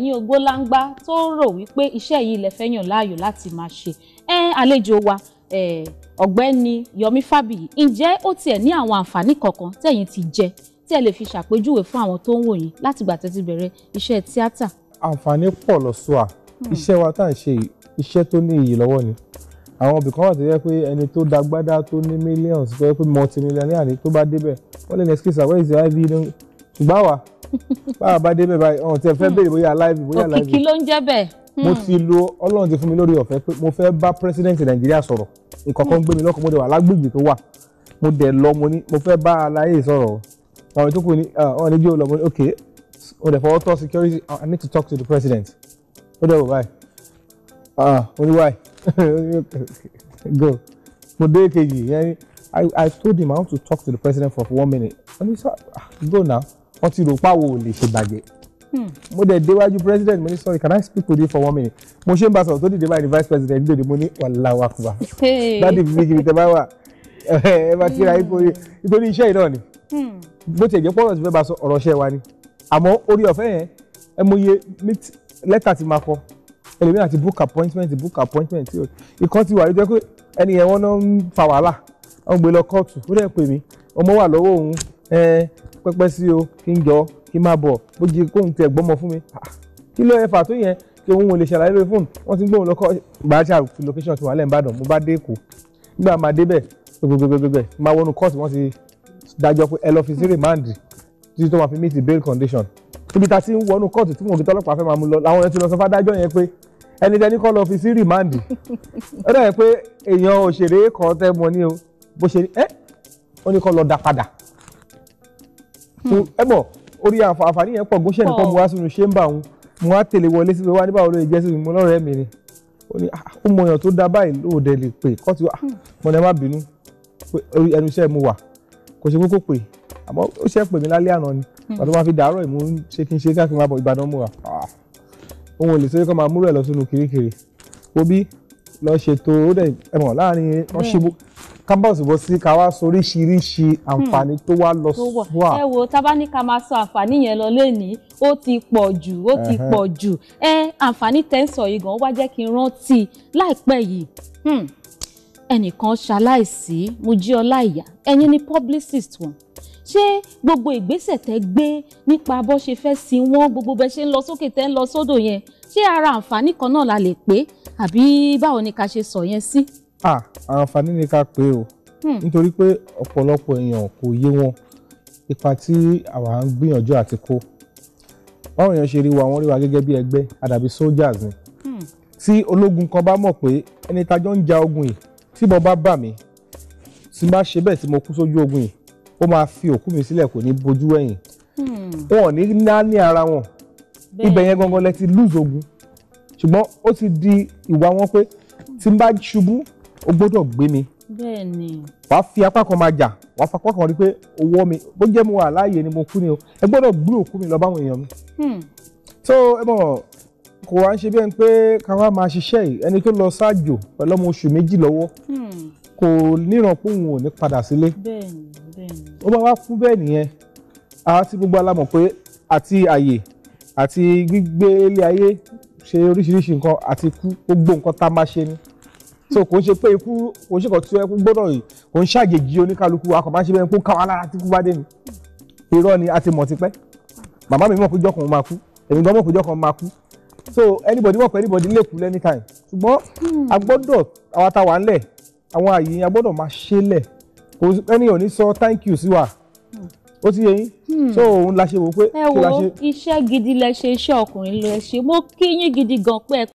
ẹ̀yin ògbólangba tó rò wípé iṣẹ́ yìí lẹ fẹ́ yàn láàyò láti máa ṣe ẹ àlejò wa ọ̀gbẹ́ni Yọmí Fábíyì ǹjẹ́ ó tiẹ̀ ní àwọn àǹfààní kankan tẹ̀yin ti jẹ tí ẹ lè fi ṣàpèjúwe fún àwọn tó ń wò yín látìgbà tẹ́ ti bẹ̀rẹ̀ iṣẹ́ tíátà. àǹfààní pọ̀ lọ́sọ̀ à hmm. iṣẹ́ wa tá à ń ṣe iṣẹ́ tó ní iyì lọ́wọ́ ni àwọn ibìkan wà tó yẹ pé ẹni tó dagbádá tó ní millions tó yẹ pé multimillionaire ni tó bá débẹ̀ wọ́n lè ní excuse àwẹ́ ìṣe iv ṣùgbọ́n àwa báwa bá dé bẹ́ẹ̀ báyìí ọ̀hún tí ẹ fẹ́ hmm. béèrè bóyá aláìbí bóyá aláìbí òkìkí ló ń jẹ́ bẹ́ẹ̀. Hmm. mo ti lo ọlọ́run ti fún mi lórí ọ̀fẹ́ pé mo fẹ́ bá pírẹsidẹ́ǹtì nàìjíríà sọ̀rọ̀ nǹkan kan hmm. gbé mi lọ́kàn mo dẹ̀ wà lágbègbè tó wà mo dẹ̀ lọ mo ní mo fẹ́ bá aláyè sọ̀rọ̀ ọ̀rẹ́ tó kù ní ọ̀rẹ́ jí ò ok mo dẹ̀ fọwọ́ tọ́ security ah, I need to talk to the president ó dẹ̀ wò báyìí ah mo why go mo dé kejì yẹn I I told him I want to talk to the president for one minute ó ní sir ah, go now wọ́n ti rò páwo ò lè ṣe bàjẹ́ hmm. mo dẹ̀ déwájú president mo ní sorry can I speak with you for one minute mo ṣe ń bá sọ̀rọ̀ tó dìde báyìí ní vice president dòde mo ní wàhálà wa kùbà dáàdi bíbí kiri tẹ bá wà ẹ bá kíra nítorí iṣẹ́ yìí náà ni hmm. bó tiẹ̀ jẹ́ pọ́nrọ̀ tí fẹ́ bá sọ ọ̀rọ̀ iṣẹ́ wa ni àmọ́ orí ọ̀fẹ́ yẹn ẹ mo ye lẹ́tà ti máa kọ ẹlòmíràn ti book appointment book appointment ìkan ti wà lójú ẹ pé ẹni yẹn wọ́n náà ń fa wàhálà wọ́n pẹ́pẹ́ sí o kí n jọ kí n máa bọ̀ bó jí kóhun tiẹ̀ gbọ́mọ fún mi ah, kí ló ẹ fà tó yẹn kí òun ò lè ṣàlàyé lórí fóònù wọ́n ti ń gbóhùn lọ́kọ́ gbàájà location ti wà lẹ́yìn Ìbàdàn mo bá dé Èkó nígbà máa débẹ̀ gbẹgbẹgbẹgbẹ máa wọnú court wọ́n ti dájọ́ pé ẹ lọ fi sí remand títí tó máa fi meet the bail condition níbi tá a ti ń wọnú court tí mo rí tọ́lọ́pàá fẹ́ máa mú lọ làwọn yẹn ti lọ sọ fádájọ́ yẹn pé ẹni tẹ́ ní kọ́ lọ fi sí remand ó dà yẹn pé èèyàn òṣèré kan tẹ́ mọ ní o bó ṣe ẹ́ ó ní kọ́ lọ dá padà so ẹ bọ̀ orí àǹfààní yẹn pọ̀ gúnṣẹ́ nìkan mo wá sínú ṣéǹbà òun mo wá tẹ̀lé wọlé sí wa níbàwọ̀ lóye jẹ́ sí mi lọ́rẹ̀ẹ́ mi ni ó ní ah, ó mọ èèyàn tó dá báyìí lóòdẹ lè pè kọ́ ti wá ah, mọ̀nà ẹ má bínú ẹnu iṣẹ́ mo wà kò ṣe kókó pè àmọ́ ó ṣe pè mí lálẹ́ àná ni pàtó hmm. máa fi dàárọ̀ ìmú ṣe kí n ṣe káàkiri máa bọ̀ Ìbàdàn mo wà ah, ohun èlò sórí kan máa múrò ẹ̀ lọ sínú Kirikiri wo bí lọ ṣètò ó dẹ̀ ẹ̀mọ̀ láàrin kábọ̀sì bọ́ sí ká wá soríṣiríṣi hmm. àǹfààní tó wá lọ wà. ẹ wo tábà ní ká máa sọ àǹfààní yẹn lọ lénìí ó ti pọ̀ jù ó ti pọ̀ jù ẹ àǹfààní tẹ́ǹsọ̀ yìí gan wá jẹ́ kí n rántí láìpẹ́ yìí hmm, ẹnìkan ṣaláìsí Mojíọlá Ìyá ẹ̀yin ni publicist wọn ṣé gbogbo ìgbésẹ̀ tẹ́ gbé nípa bó ṣe fẹ́ sin wọ́n gbogbo bẹ́ẹ̀ ṣe ń lọ sókè tẹ́ ń lọ sódò yẹn ṣé ara àǹfààní kan náà la lè pé àbí báwo ni ká ṣe sọ yẹn sí. Si? ah àǹfààní ni ká pé o hmm. nítorí pé ọ̀pọ̀lọpọ̀ èèyàn kò yé wọn ipa tí àwa ń gbìyànjú àti kó báwọn èèyàn ṣe rí wa wọ́n rí wa gẹ́gẹ́ bí ẹgbẹ́ àdàbí soldiers ni hmm. tí ológun kan bá mọ̀ pé ẹni tajọ́ ń ja ogun yìí tí mo bá bà mí tí n bá ṣe bẹ́ẹ̀ tí mo kú sójú ogun yìí ó máa fi òkú mi sílẹ̀ kò ní bojú ẹ̀yìn hmm. wọn ní ná ní ara wọn ibẹ̀ yẹn gangan lẹ ti lose ogun ṣùgbọ́n ó ti di ìwà wọn pé tí n bá ṣubú o gbọ́dọ̀ gbé mi. bẹ́ẹ̀ni. wà á fi apá kan máa jà wà á fi apá kan rí pé owó mi bó jẹ́ mo wà láàyè ni mo kú ni o ẹ gbọ́dọ̀ gbé òkú mi lọ báwọn èèyàn mi. Hmm. so ẹ mọ̀ kò wá ń ṣe bẹ́ẹ̀ pé ká wá máa ṣiṣẹ́ yìí ẹni tó lọ ṣáàjò pẹ̀lú ọmọ oṣù méjì lọ́wọ́ hmm. kò níran pé òun ò ní padà sílé. bẹ́ẹ̀ni bẹ́ẹ̀ni. ó bá wá fún bẹ́ẹ̀ nìyẹn àwa tí gbogbo alamọ̀ pé àti àyè àti gbígbé ilé ayé ṣe oríṣiríṣi nǹkan àti gbogbo nǹkan tá a máa ṣe ni so kò ń ṣe pé ikú kò ń ṣe kàn tó ẹkú gbọ́dọ̀ yìí kò ń ṣàjèjì oníkálukú akọ̀mọ́ ṣe bẹ́ẹ̀ kó káwa lára tí kú bá dé ni irọ́ ni a ti mọ̀ tipẹ́ màmá mi mọ̀ pé jọ́kan máa kú èmi gan mọ̀ pé jọ́kan máa kú so anybody mọ̀ pé anybody lè kú anytime ṣùgbọ́n a gbọ́dọ̀ àwa ta wà ńlẹ̀ àwọn àyè yẹn a gbọ́dọ̀ máa ṣe lẹ̀ ẹni ò ní sọ thank you sí wa ó ti yẹ yín hmm. so òun la ṣe wò pé kí la ṣe. ẹ wo iṣẹ́ gidi lẹ ṣe iṣẹ́ ọkùnrin lẹ ṣe mo kí yín gidi gan pé ẹ